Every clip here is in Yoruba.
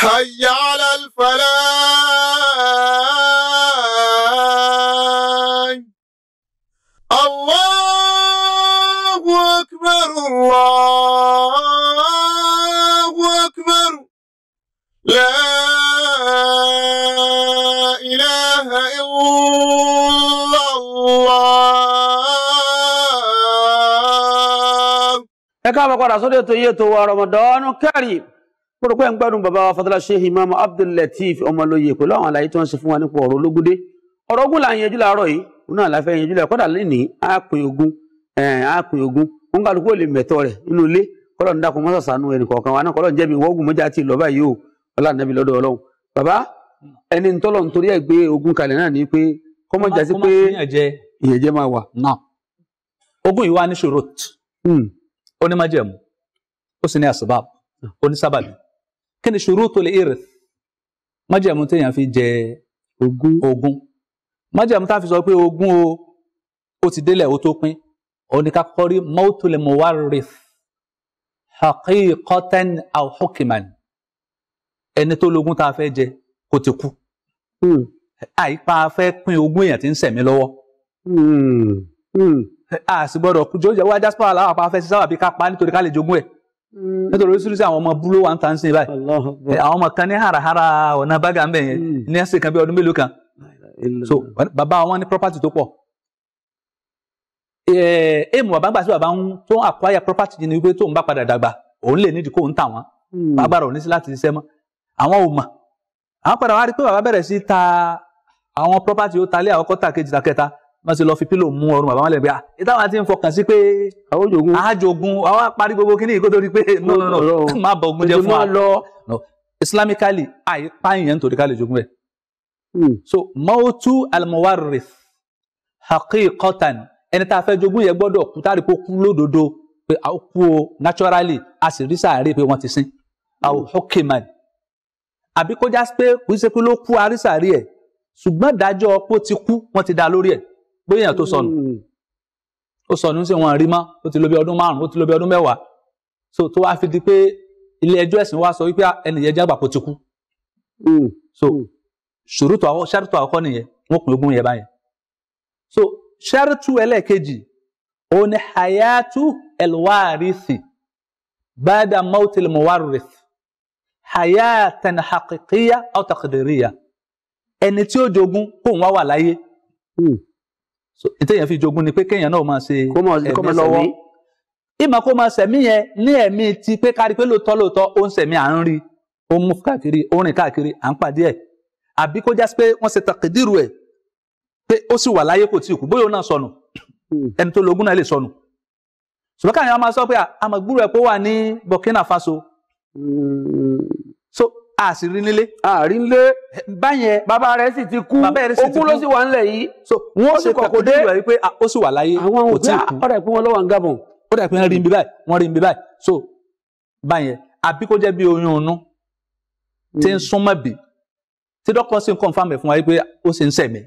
حي على الفلاح الله أكبر الله أكبر لا إله إلا الله اكبر káàbọ̀ padà sórí ètò yìí pọ̀rọ̀pọ̀ ẹ̀ ń gbádùn bàbá wa fatala sheikh imam abdullateef ọmọlóye pẹ̀lú àwọn àlàyé tí wọ́n ṣe fún wa nípa ọ̀rọ̀ ológúndé ọ̀rọ̀ ogun là ń yanjú yìí òun náà láfẹ́ yanjú lẹ̀ kọ́dà lónìí ogun àápin ogun òun kàlùkù ò lè mẹ̀tọ́ rẹ̀ nínú ilé kọ́lọ̀ ń dákun mọ́sà sànú ẹnì kọ̀ọ̀kan wa náà wọ́gùn mọ́jà ti o kí ni ṣurutul irth májẹ̀mú téèyàn fi jẹ ogún ogún májẹ̀mú tá a fi sọ pé ogún o ó ti délẹ̀ ó tó pín òun ni ká kọ́kọ́ rí mautul muwarrith haqiqatan aw hukman ẹni tó lógún tá a fẹ́ jẹ kó ti kú hmm. àìpa fẹ́ pín ogún èèyàn tí ń ṣẹ̀mí lọ́wọ́ hmm. Hmm. a kú jọ́jà wájà sípò àlàáfà fẹ́ sísáwà bí ká pa nítorí ká lè jogún ẹ̀. Mm. nítorí oríṣiríṣi àwọn ọmọ búló wa ń tàn sí báyìí eh, àwọn ọmọ kan ní harahara ọ̀nà bága ń bẹ̀ yẹn mm. ní ẹsẹ̀ kan bí ọdún mélòó kan so bàbá wọn ni property tó pọ̀ èèmù eh, eh, bàbá gbà sí bàbá tó ń acquire property ni wípé tó ń bá padà dàgbà òun lè nídìí kó ń tà wọ́n mm. bàbá rẹ̀ ò ní sí láti ṣiṣẹ́ mọ́ àwọn ò mọ̀ àwọn padà wá rí pé bàbá bẹ̀rẹ̀ sí ta àwọn property ó ta lé àwọn kọ́tà kejì kẹta wọ́n ti lọ fi pílò mú ọrùn bàbá wọn lẹ́nu pé ah ìtawà ti ń sí pé àjogún àjogún àwọn apárí gbogbo kíní kó tó pé no no no má bọ ogun jẹ fún wa no islamically àìpáyàn nítorí ká lè jogún rẹ. Hmm. so mautu almuwarith haqiqatan ẹni tá a fẹ́ jogún yẹn gbọ́dọ̀ kú tá a rí kó kú lódodo pé a kú o naturally a sì rí sàárè pé wọ́n ti sin àwọn hokiman hmm. àbí kó já pé kò sí pé ló kú arísàárè ẹ̀ ṣùgbọ́n dájọ́ pé ó ti kú wọ́n ti dá lórí ẹ̀ bóyá tó sọnù hmm. ó sọnù sí wọn rí mọ́ ó ti lò bí ọdún márùn ó ti lò bí ọdún mẹ́wàá so tó wá fi di pé ilé ẹjọ́ ẹ̀sìn wa sọ wípé ah, ẹnìyẹn jágbà kó ti kú hmm. so hmm. ṣòrútù àwọn ṣáàrùtù àkọ́kọ́ nìyẹn wọ́n pè ogún yẹn báyẹn so ṣáàrùtù ẹlẹ́ẹ̀kejì òun ni hayatu elwarisi bada mautil muwarris hayatan haqiqiya aw taqdiriya ẹni tí ó jogún kóun wá wà láyé ìtẹ̀yẹ̀ fi jogún ni pé kéèyàn náà máa ṣe ẹ̀mí lọ́wọ́ ìmọ̀ kó máa ṣẹ̀mí yẹn ní ẹ̀mí ti pé kárí pé lóòótọ́ lóòótọ́ ó ń ṣẹ̀mí à ń rí ó ń mú káàkiri ó ń rìn káàkiri à ń pàdé ẹ̀ àbí kó jásí pé wọ́n ṣe tàkìdírù ẹ̀ pé ó sì wà láyé kò tí ì kú bóyá òun náà sọnù hmm. ẹni tó lógún náà lè sọnù ṣùgbọ́n káàyàn máa sọ pé àmọ̀gbúrò ẹ̀ kó wà ní Burkina Faso hmm a sì rí nílé. a rí nílé. báyẹn. bàbá rẹ̀ sì ti kú ogún ló sì wà nílẹ̀ yìí. so wọ́n sì kọ̀kọ́ dé. wọ́n sì kọ̀kọ́ dé pé ó sì wà láyé kò tí ì kú. ó dà lọ́wọ́ ń gàbọ̀n. ó dà pé rí ibi báyìí wọ́n rí ibi báyìí so báyẹn àbí kó jẹ́ bí oyún inú tí ń hmm. súnmọ́ bì tí dọ́kọ̀ sì ń confam fún wa pé ó sì ń sẹ̀mí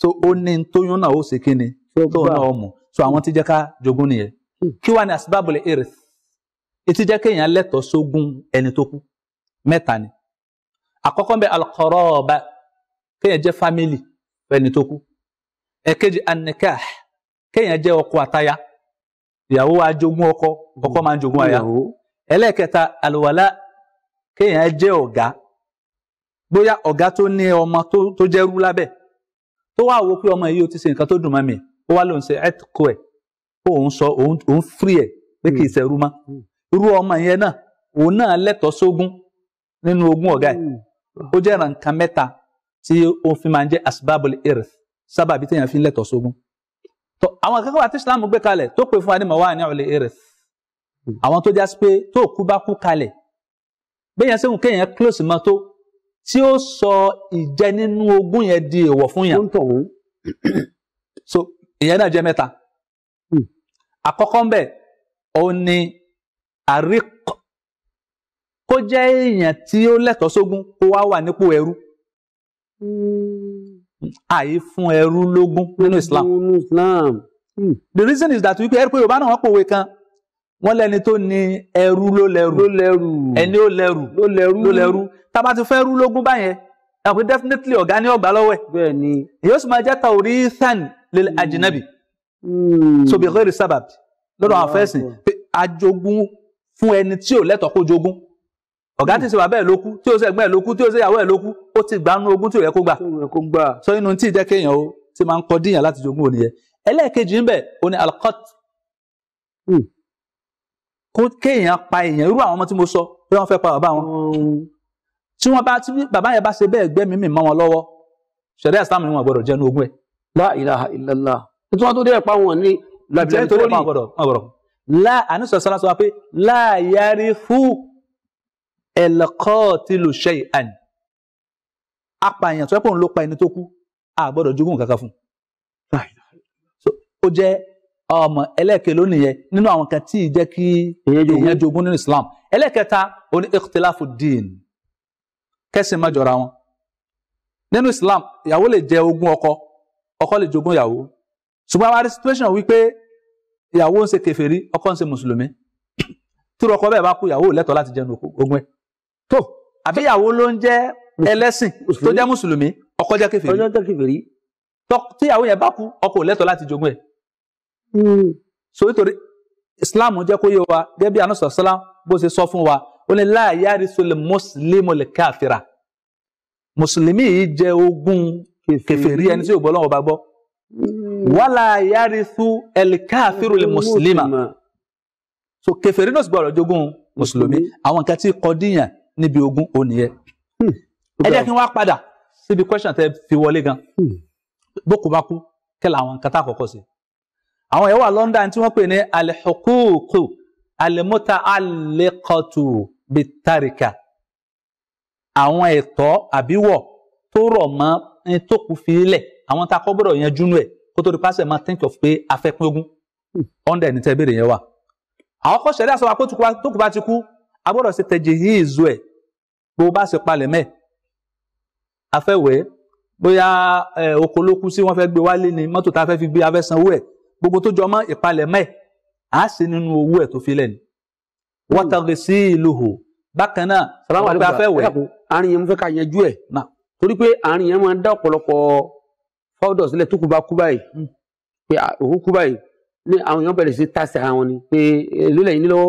so ó ní tóyún náà ó sì kíni tó náà ó mọ̀ so àwọn ti jẹ́ ká jogún nìyẹn hmm. kí wàá ní asibabule earth ètí mẹ́ta ni àkọ́kọ́ ń bẹ alqaraba kéèyàn jẹ́ fámìlì ẹni tó kú ẹ̀kejì an-nikah kéèyàn jẹ́ ọkọ àtaya ìyàwó wa jogún ọkọ ọkọ máa ń jogún aya ẹlẹ́ẹ̀kẹta alwala kéèyàn jẹ́ ọ̀gá bóyá ọ̀gá tó ní ọmọ tó jẹ́rú lábẹ́ tó wá wo pé ọmọ yìí ó ti ṣe nǹkan tó dùn mọ́ ó wá lóun ṣe ẹtùkọ ẹ òun sọ òun fírí ẹ pé kì í ṣẹrú mọ́ hmm. irú ọmọ yẹn náà òun náà lẹ́tọ̀ọ́ sógún nínú ogún ọ̀gá ẹ̀ hmm. ó jẹ́ nǹkan mẹ́ta tí ó fi máa ń jẹ́ asbabul irth sábàbí téèyàn fi ń lẹ́tọ̀ọ́ sógún tó àwọn akẹ́kọ̀ọ́ àti Islam gbé kalẹ̀ tó pè fún wa ní mawani ul irth hmm. àwọn tó jásí pé tó kú bá kú kalẹ̀ béèyàn sẹ́wọ̀n kéèyàn close mọ́ tó tí ó sọ ìjẹ nínú ogún yẹn di èèwọ̀ fún yàn so ìyẹn náà jẹ́ mẹ́ta hmm. àkọ́kọ́ ń bẹ̀ òun ni àríkù kó jẹ́ èèyàn tí ó lẹ́tọ̀ọ́ sógún kó wá wà nípò ẹrú hmm. àyè fún ẹrú lógún nínú Islam. nínú Islam. Hmm. the reason is that wípé ẹrú pé Yorùbá náà wọ́n pòwe kan wọ́n lẹ́ni tó ní ẹrú ló lẹ́rù ló lẹ́rù ẹni ó lẹ́rù ló lẹ́rù ló lẹ́rù tá a bá ti fẹ́ rú lógún báyẹn ẹ pé definitely ọ̀gá ní ọ̀gbà lọ́wọ́ ẹ̀. bẹ́ẹ̀ni. yóò sì máa jẹ́ tàórí than lil hmm. ajinabi. so bi ghairi sabab lọ́dọ̀ àwọn afẹ́sìn pé àjogún fún ẹni tí ò lẹ́tọ̀ọ́ kó jogún ọ̀gá tí ṣe wà bẹ́ẹ̀ ló kú tí ó ṣe ẹ̀gbọ́n ẹ̀ ló kú tí ó ṣe ìyàwó ẹ̀ ló kú ó ti gbanú ogún tí ò yẹ kó gbà sọ inú tí ìjẹ́ kéèyàn ó ti máa ń kọ díyàn láti jogún òní yẹn ẹlẹ́ẹ̀kejì ńbẹ̀ ó ní alcott hmm. kó kéèyàn pa èèyàn irú àwọn ọmọ tí mo sọ bí wọ́n fẹ́ pa bàbá wọn hmm. tí wọ́n bá tí bàbá yẹn bá ṣe bẹ́ẹ̀ gbẹ́ mímì mọ́ wọn lọ́wọ́ ṣẹ̀dá islam wọn gbọ́dọ̀ jẹ́nu ogún ẹ̀. la ilaha illallah al-qatilu shay'an apààyàn tó yẹ kó ń ló pa ẹni tó kú a gbọ́dọ̀ jogún kankan fún ó jẹ́ ọmọ ẹlẹ́ẹ̀kẹ́ lónìí yẹn nínú àwọn kan tí ì jẹ́ kí èèyàn jogún nínú Islam ẹlẹ́ẹ̀kẹta ó ní ikhtilafu din kẹ́sìn má jọra wọn nínú Islam ìyàwó lè jẹ ogún ọkọ ọkọ lè jogún ìyàwó ṣùgbọ́n àwọn situation wípé ìyàwó ń ṣe kèfèrí ọkọ ń ṣe mùsùlùmí tí ọkọ bẹ́ẹ̀ bá kú ìyàwó lẹ́tọ̀ọ́ láti jẹ ogún ẹ̀ tó àbíyàwó ló ń jẹ́ ẹlẹ́sìn tó jẹ́ mùsùlùmí ọkọ jẹ́ kèfèrí ọkọ jẹ́ kèfèrí tíyàwó yẹn bá kú ọkọ ò lẹ́tọ̀ọ́ láti jogún ẹ̀. Hmm. so nítorí islam jẹ́ kó yé wa gẹ́gẹ́ bí anusọ̀ sálám bó ṣe sọ fún wa ó ní la yarisul muslimu lil kafira mùsùlùmí yìí jẹ ogún kèfèrí ẹni tí ò bọ́ lọ́wọ́ bá gbọ́ hmm. wala yarisu el kafiru lil muslima so kèfèrí náà sì gbọ́dọ̀ jogún mùsùlùmí àwọn nǹkan tí kọ díyàn níbi ogun ó nìyẹn hmm. ẹ jẹ́ kí n wá padà síbi question tẹ́ fi wọlé gan hmm. boko bá kú kí làwọn nǹkan tá àkọ́kọ́ sí àwọn yẹn wà London tí wọ́n pè ní alihukuku alimota alikotu bitarika àwọn ẹ̀tọ́ àbíwọ̀ tó rọ̀ mọ́ tó kù fi lẹ̀ àwọn tá a kọ́ gbọ́dọ̀ yanjú nù ẹ̀ kó tó di pásẹ̀ máa think of pé afẹ́pín ogún ọ̀ndẹ̀ ní tẹ́ béèrè yẹn wà àwọn kọ́ sẹ́dá sọ wa pé tó bá ti kú a gbọ́dọ̀ ṣe tẹ̀jì hí ìzú ẹ̀ gbogbo bá ṣe palẹ̀ mẹ́ afẹ́wẹ́ bóyá oko ló kú sí wọ́n fẹ́ gbé wálé ni mọ́tò tá a fẹ́ fi gbé afẹ́ sanwó ẹ̀ gbogbo tó jọ mọ́ ìpalẹ̀ mẹ́ à á ṣe nínú owó ẹ̀ tó fi lẹ̀ ni wọ́tàgì sí ìlú hù bákan náà sàlámù àdúgbò afẹ́wẹ́ àárín yẹn mo fẹ́ ká yanjú ẹ̀ torí pé àárín yẹn máa ń dá ọ̀pọ̀lọpọ̀ fọ́dọ̀ sílẹ̀ tó kú bá kú báyìí hmm. pé òun kú báyìí ní àwọn èèyàn bẹ̀rẹ̀ sí tàṣì ara wọn ni pé èlò lẹ́yìn nílò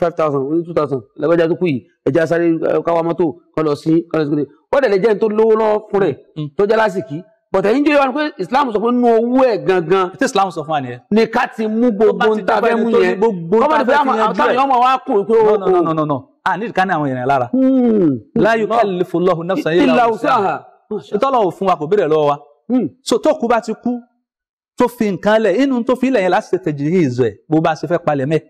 five thousand ní two thousand lẹ́gbẹ́jà tó kù yìí ẹ̀já sáré káwa mọ́tò kọ́ lọ sí kọ́ lọ sí kúndé wọ́n dẹ̀ lè jẹ́ tó lówó lọ́wọ́ fún rẹ̀ mm. tó jẹ́ lásìkí bọ̀tẹ̀ yín jẹ́ yọ pé Islam sọ pé nínú owó ẹ̀ gangan tí Islam sọ fún wa nìyẹn ni ká ti mú gbogbo ń ta fẹ́ mú yẹn kọ́mọ̀ ní pé àwọn èèyàn máa wá pé ó kù. Oh, a ní ìdíkà ní àwọn èèyàn lára láyé kálífò lọ́hùn náà sọ yìí làwọn ìṣẹ́ àhà ìtọ́lọ́wọ̀ fún wa kò béèrè lọ́wọ́ wa hmm tó fi nǹkan lẹ̀ inú tó fi ilẹ̀ yẹn láti tètè jì hìzọ ẹ̀ bó bá ṣe fẹ́ palẹ̀ mẹ́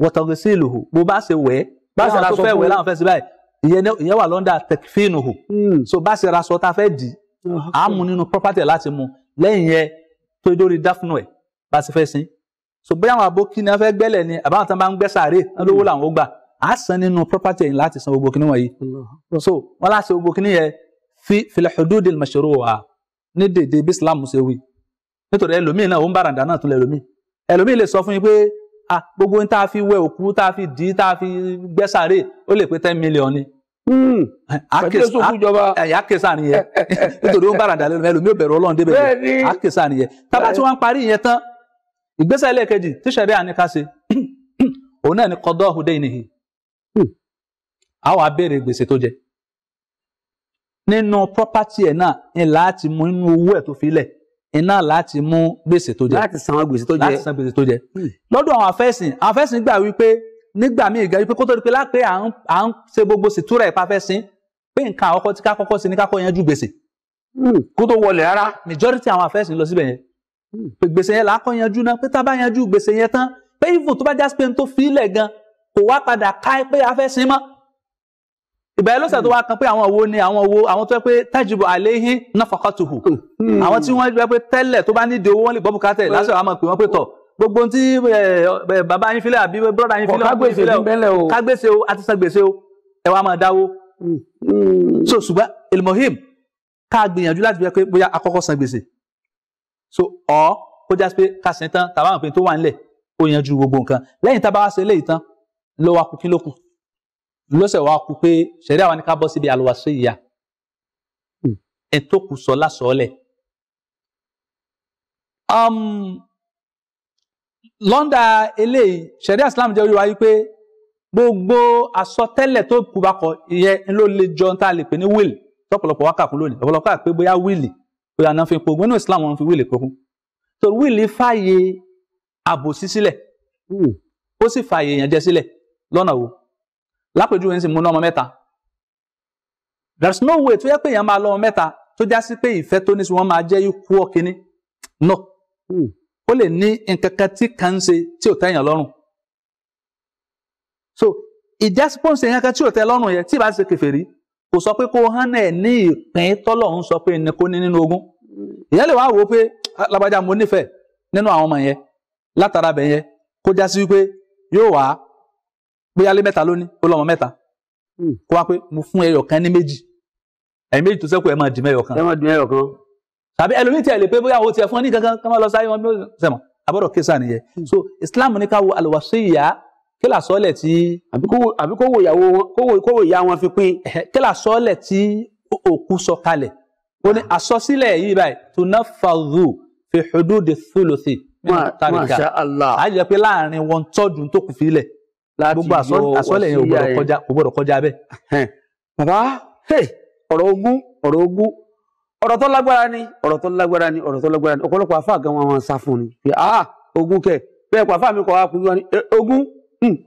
wọ́tọ̀rẹ́ sí ìlú bó bá ṣe wẹ̀ bá ṣe ra sọ fẹ́ wẹ̀ láwọn fẹ́ sí báyìí ìyẹn wà lọ́ndà tẹkifíìnù hù hmm. so bá ṣe ra sọ tá a fẹ́ dì á mú nínú property ẹ̀ láti mú lẹ́yìn yẹn tó dórí dáfúnù ẹ̀ bá ṣe fẹ́ sin so bóyá àwọn abókí ni wọ́n fẹ́ gbẹ́lẹ̀ ni àbáwọn tán bá ń gbẹ́ sàárè lówó hmm. làwọn gbà á san nínú property ẹ̀ láti san gbogbo kíní wọ̀nyí so wọ́n láti san gbogbo kíní yẹn fi fil hududil mashru'a ní dèdè bí Islam ṣe wí nítorí ẹlòmíì náà ó ń bàràǹdà náà tún lẹ ẹlòmíì ẹlòmíì lè sọ fún yín pé ah gbogbo tá a fi wẹ òkú tá a fi dì í tá a fi gbẹ́sàrè ó lè pé ten million ni. àkèsà hmm. nìyẹn nítorí ó ń bàràǹdà lẹ́nu ẹlòmíì ò bẹ̀rù ọlọ́run débẹ̀ yẹn àkèsà nìyẹn tábà tí wọ́n ń parí ìyẹn tán ìgbésẹ̀ ẹlẹ́ẹ̀kejì tíṣẹ̀rí àníkàṣe òun náà ni kọ́dọ̀ ọ̀hún dé ìnìyí a wàá béèrè gbèsè tó jẹ nínú property ẹ̀ náà ńlá ti mú inú owó ẹ̀ tó fi lẹ̀ iná láti mú gbèsè tó jẹ láti san gbèsè tó jẹ láti san gbèsè tó jẹ hmm. lọ́dọ̀ àwọn afẹ́sìn àwọn afẹ́sìn gbà wípé nígbà míì gan wípé kó tó di pé lápé à ń ṣe gbogbo sìtúrà ìpafẹ́sìn pé nǹkan àkọ́kọ́ tí kákọ́kọ́ sí ní kákọ́ yanjú gbèsè hmm. kó tó wọlé rárá majority àwọn afẹ́sìn lọ síbẹ̀ yẹn hmm. pé gbèsè yẹn làákọ́ yanjú náà pé tá bá yanjú gbèsè yẹn tán pé even tó bá jásí pé n tó fi í lẹ̀ gan kò wá padà ká pé afẹ́sìn mọ́ ìbẹ̀rẹ̀ lọ́sẹ̀ tó wá kan pé àwọn wo ni àwọn wo àwọn tó yẹ pé tajibu alayhi nafaqatuhu hmm. Hmm. àwọn tí wọ́n yẹ pé tẹ́lẹ̀ tó bá nídìí owó wọn lè gbọ́ bùkátẹ̀ lásìkò àwọn àpè wọn pé tọ̀ gbogbo tí eh, bàbá yín filẹ̀ àbí brọ́dà yín filẹ̀ ọkùnrin filẹ̀ o kágbèsè o àti sàgbèsè o ẹ wàá máa dáwó. Hmm. so ṣùgbọ́n elmohim ká gbìyànjú láti bẹ pé bóyá àkọ́kọ́ san gbèsè so ọ̀ ó já ká sin tán tàbá àwọn òpin tó wà nílẹ̀ ó yanjú gbogbo nǹkan lẹ́yìn tá wá ṣe eléyìí tán ló wá kú lọ́sẹ̀ wa kú pé ṣẹ̀rí àwọn ká bọ́ síbi àlùwàsó ìyá hmm. ẹ̀ tó kù sọ lásọ̀ọ́lẹ̀. Um, lọ́ndà eléyìí ṣẹ̀rí islam jẹ́ oríwáyé pé gbogbo àsọtẹ́lẹ̀ tó kù bá kọ ìyẹn ló lè jọ tá a lè pè ní wíìlì tọ́pọ̀lọpọ̀ wákà lónìí ọ̀pọ̀lọpọ̀ àpé bóyá wíìlì bóyá náà fi pogún nínú islam wọn fi wíìlì pogún torí wíìlì fààyè àbòsí sílẹ̀ hmm. ó sì fààyè èèyàn jẹ sílẹ̀ lọ́nà wo lápèjúwe ń sìn mú ní ọmọ mẹ́ta there is no way tó yẹ pé èèyàn máa lọ ọmọ mẹ́ta tó já sí pé ìfẹ́ tó ní sí wọn máa jẹ́ ikú ọ̀kíní no hmm. ó lè ní nǹkan kan tí kan ń ṣe tí ò tẹ́yàn lọ́rùn so ìjásípò ń ṣe nǹkan kan tí ò tẹ́ lọ́rùn yẹn tí ì bá ṣe kèfèrí kò sọ pé kó hàn náà ní ìpín tọ́lọ̀ ń sọ pé ní kó ní nínú ogún ìyẹn lè wá wò ó pé alábàjá ah, mo nífẹ̀ẹ́ nínú àwọn ọmọ yẹn látara bẹ̀ yẹn kó já sí pé yóò wá bóyá lé mẹ́ta lónìí ó lọ́mọ mẹ́ta hmm. kó wá pé mo fún ẹyọ kan ní méjì ẹ̀yìn méjì tó sẹ́kù ẹ̀ máa dì mẹ́yọ kan. ẹ máa dì mẹ́yọ kan. tàbí ẹlòmíì tiẹ̀ lè pé bóyá o tiẹ̀ fún ọ ní kankan kí wọ́n lọ sáyé wọn bí ó sẹ̀mọ̀ abọ́dọ̀ kéésà nìyẹn. Hmm. so Islam ní ká wo àlùwàsíyà kílà sọ́ọ̀lẹ̀ tí. àbí kó wo ìyàwó kó wo ìyá wọn fi pín. kílà sọ́ọ̀lẹ̀ tí òkú sọ kalẹ̀ ó ní àsọsílẹ̀ yìí báyìí tunafadhu fi hududi thuluthi. máa ṣá Allah. àyẹ̀pẹ́ láàrin wọn tọ́dún gbogbo àsọlẹ̀ yẹn kò gbọdọ̀ kọjá bẹ́ẹ̀. bàbá ọ̀rọ̀ ogún ọ̀rọ̀ ogún ọ̀rọ̀ tó lágbára ni ọ̀rọ̀ tó lágbára ni ọ̀rọ̀ tó lágbára ni ọ̀pọ̀lọpọ̀ àfáà gan wọn sá fún ni pé ah ogún kẹ bẹ́ẹ̀ kó àfáà mi kọ̀ wá kú wọn ni ogún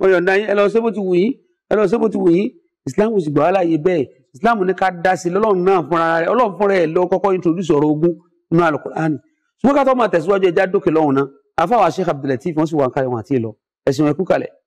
ọ̀yọ̀ǹda yín ẹ lọ sí bó ti wù yín ẹ lọ sí bó ti wù yín Islam sì gbà wá bẹ́ẹ̀ Islam ní ká dá sí lọ́lọ́run náà fúnra rẹ̀ ọlọ́run fúnra ẹ̀ lọ kọ́kọ́ introduce ọ̀rọ̀ ogún nínú Al-Qur'ani ṣùgbọ́n ká tó máa tẹ̀síwájú ẹja dókè lọ́hùn náà àfáà wa Sheikh Abdul Lateef wọ́n sì wà ń kalẹ̀ wọn àti ìlọ ẹ̀sìn ẹ̀kú kalẹ̀